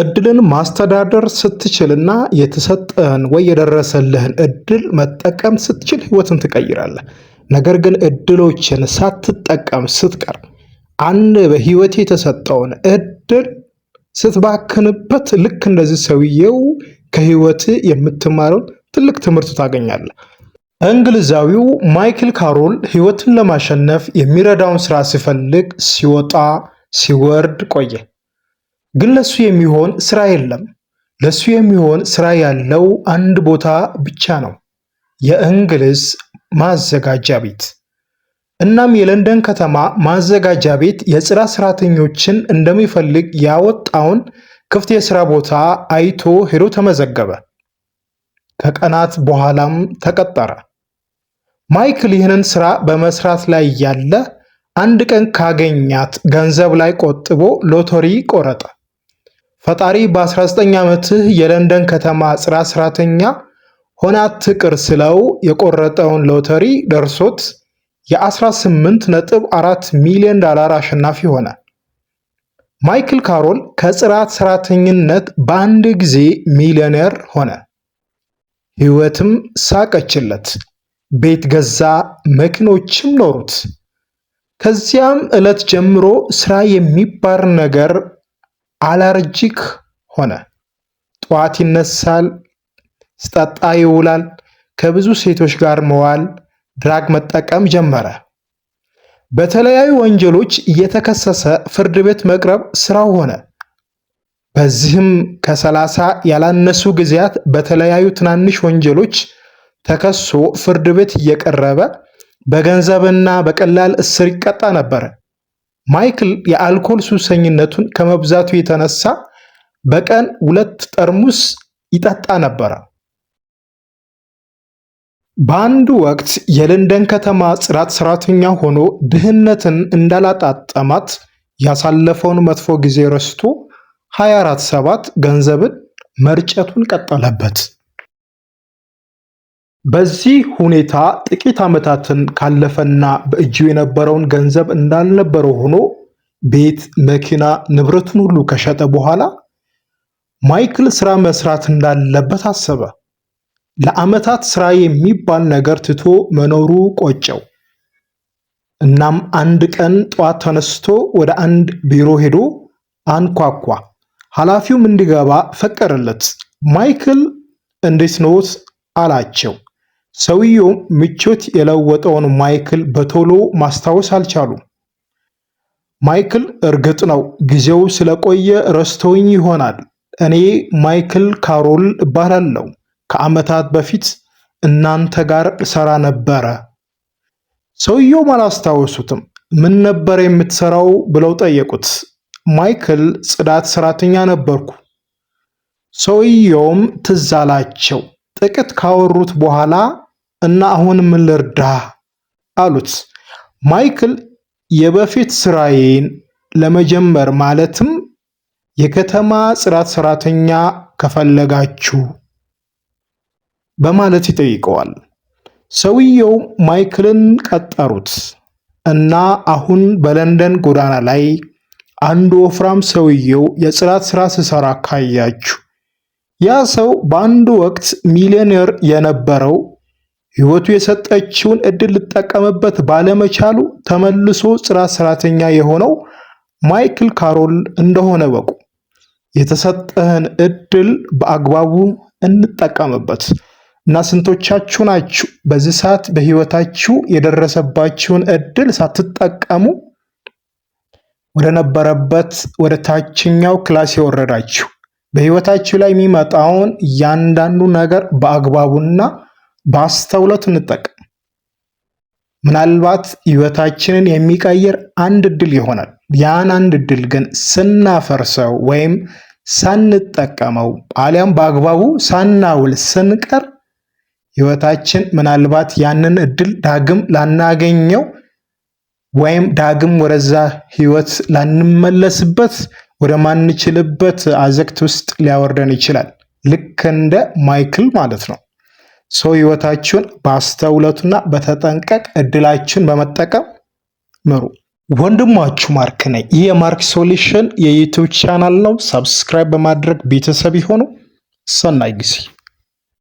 እድልን ማስተዳደር ስትችልና የተሰጠህን ወይ የደረሰልህን እድል መጠቀም ስትችል ህይወትን ትቀይራለህ። ነገር ግን እድሎችን ሳትጠቀም ስትቀር አንድ በህይወት የተሰጠውን እድል ስትባክንበት ልክ እንደዚህ ሰውየው ከህይወት የምትማረውን ትልቅ ትምህርት ታገኛለህ። እንግሊዛዊው ማይክል ካሮል ህይወትን ለማሸነፍ የሚረዳውን ስራ ሲፈልግ ሲወጣ ሲወርድ ቆየ። ግን ለሱ የሚሆን ስራ የለም። ለሱ የሚሆን ስራ ያለው አንድ ቦታ ብቻ ነው፣ የእንግሊዝ ማዘጋጃ ቤት። እናም የለንደን ከተማ ማዘጋጃ ቤት የጽዳት ሰራተኞችን እንደሚፈልግ ያወጣውን ክፍት የስራ ቦታ አይቶ ሄዶ ተመዘገበ። ከቀናት በኋላም ተቀጠረ። ማይክል ይህንን ስራ በመስራት ላይ ያለ አንድ ቀን ካገኛት ገንዘብ ላይ ቆጥቦ ሎተሪ ቆረጠ። ፈጣሪ በ19 ዓመትህ የለንደን ከተማ ጽራ ሰራተኛ ሆና ትቅር ስለው የቆረጠውን ሎተሪ ደርሶት የ18.4 ሚሊዮን ዶላር አሸናፊ ሆነ። ማይክል ካሮል ከጽራት ሰራተኝነት በአንድ ጊዜ ሚሊዮነር ሆነ። ሕይወትም ሳቀችለት፣ ቤት ገዛ፣ መኪኖችም ኖሩት። ከዚያም ዕለት ጀምሮ ስራ የሚባል ነገር አለርጂክ ሆነ። ጠዋት ይነሳል፣ ስጠጣ ይውላል። ከብዙ ሴቶች ጋር መዋል፣ ድራግ መጠቀም ጀመረ። በተለያዩ ወንጀሎች እየተከሰሰ ፍርድ ቤት መቅረብ ስራው ሆነ። በዚህም ከሰላሳ ያላነሱ ጊዜያት በተለያዩ ትናንሽ ወንጀሎች ተከሶ ፍርድ ቤት እየቀረበ በገንዘብና በቀላል እስር ይቀጣ ነበር። ማይክል የአልኮል ሱሰኝነቱን ከመብዛቱ የተነሳ በቀን ሁለት ጠርሙስ ይጠጣ ነበረ። በአንድ ወቅት የለንደን ከተማ ጽዳት ሰራተኛ ሆኖ ድህነትን እንዳላጣጠማት ያሳለፈውን መጥፎ ጊዜ ረስቶ 24/7 ገንዘብን መርጨቱን ቀጠለበት። በዚህ ሁኔታ ጥቂት ዓመታትን ካለፈና በእጁ የነበረውን ገንዘብ እንዳልነበረው ሆኖ ቤት፣ መኪና፣ ንብረቱን ሁሉ ከሸጠ በኋላ ማይክል ስራ መስራት እንዳለበት አሰበ። ለዓመታት ስራ የሚባል ነገር ትቶ መኖሩ ቆጨው። እናም አንድ ቀን ጠዋት ተነስቶ ወደ አንድ ቢሮ ሄዶ አንኳኳ። ኃላፊውም እንዲገባ ፈቀደለት። ማይክል እንዴት ነዎት አላቸው። ሰውየው ምቾት የለወጠውን ማይክል በቶሎ ማስታወስ አልቻሉ። ማይክል እርግጥ ነው ጊዜው ስለቆየ ረስቶኝ ይሆናል። እኔ ማይክል ካሮል እባላለሁ። ከዓመታት በፊት እናንተ ጋር ሰራ ነበረ። ሰውየውም አላስታወሱትም። ምን ነበር የምትሰራው ብለው ጠየቁት። ማይክል ጽዳት ሰራተኛ ነበርኩ። ሰውየውም ትዝ አላቸው። ጥቂት ካወሩት በኋላ እና አሁን ምን ልርዳ አሉት። ማይክል የበፊት ስራዬን ለመጀመር ማለትም የከተማ ጽዳት ሰራተኛ ከፈለጋችሁ በማለት ይጠይቀዋል። ሰውየው ማይክልን ቀጠሩት እና አሁን በለንደን ጎዳና ላይ አንድ ወፍራም ሰውየው የጽዳት ስራ ስሰራ ካያችሁ ያ ሰው በአንድ ወቅት ሚሊዮኔር የነበረው ህይወቱ የሰጠችውን እድል ሊጠቀምበት ባለመቻሉ ተመልሶ ጽራ ሰራተኛ የሆነው ማይክል ካሮል እንደሆነ በቁ። የተሰጠህን እድል በአግባቡ እንጠቀምበት እና ስንቶቻችሁ ናችሁ በዚህ ሰዓት በህይወታችሁ የደረሰባችሁን እድል ሳትጠቀሙ ወደ ነበረበት ወደ ታችኛው ክላስ የወረዳችሁ? በህይወታችሁ ላይ የሚመጣውን እያንዳንዱ ነገር በአግባቡና በአስተውሎት እንጠቀም። ምናልባት ህይወታችንን የሚቀይር አንድ እድል ይሆናል። ያን አንድ እድል ግን ስናፈርሰው ወይም ሳንጠቀመው አሊያም በአግባቡ ሳናውል ስንቀር ህይወታችን ምናልባት ያንን እድል ዳግም ላናገኘው ወይም ዳግም ወደዛ ህይወት ላንመለስበት ወደማንችልበት አዘቅት ውስጥ ሊያወርደን ይችላል። ልክ እንደ ማይክል ማለት ነው። ሰው ህይወታችሁን በአስተውለቱና በተጠንቀቅ እድላችሁን በመጠቀም ምሩ። ወንድማችሁ ማርክ ነኝ። ይህ የማርክ ሶሉሽን የዩቱብ ቻናል ነው። ሰብስክራይብ በማድረግ ቤተሰብ ይሆኑ። ሰናይ ጊዜ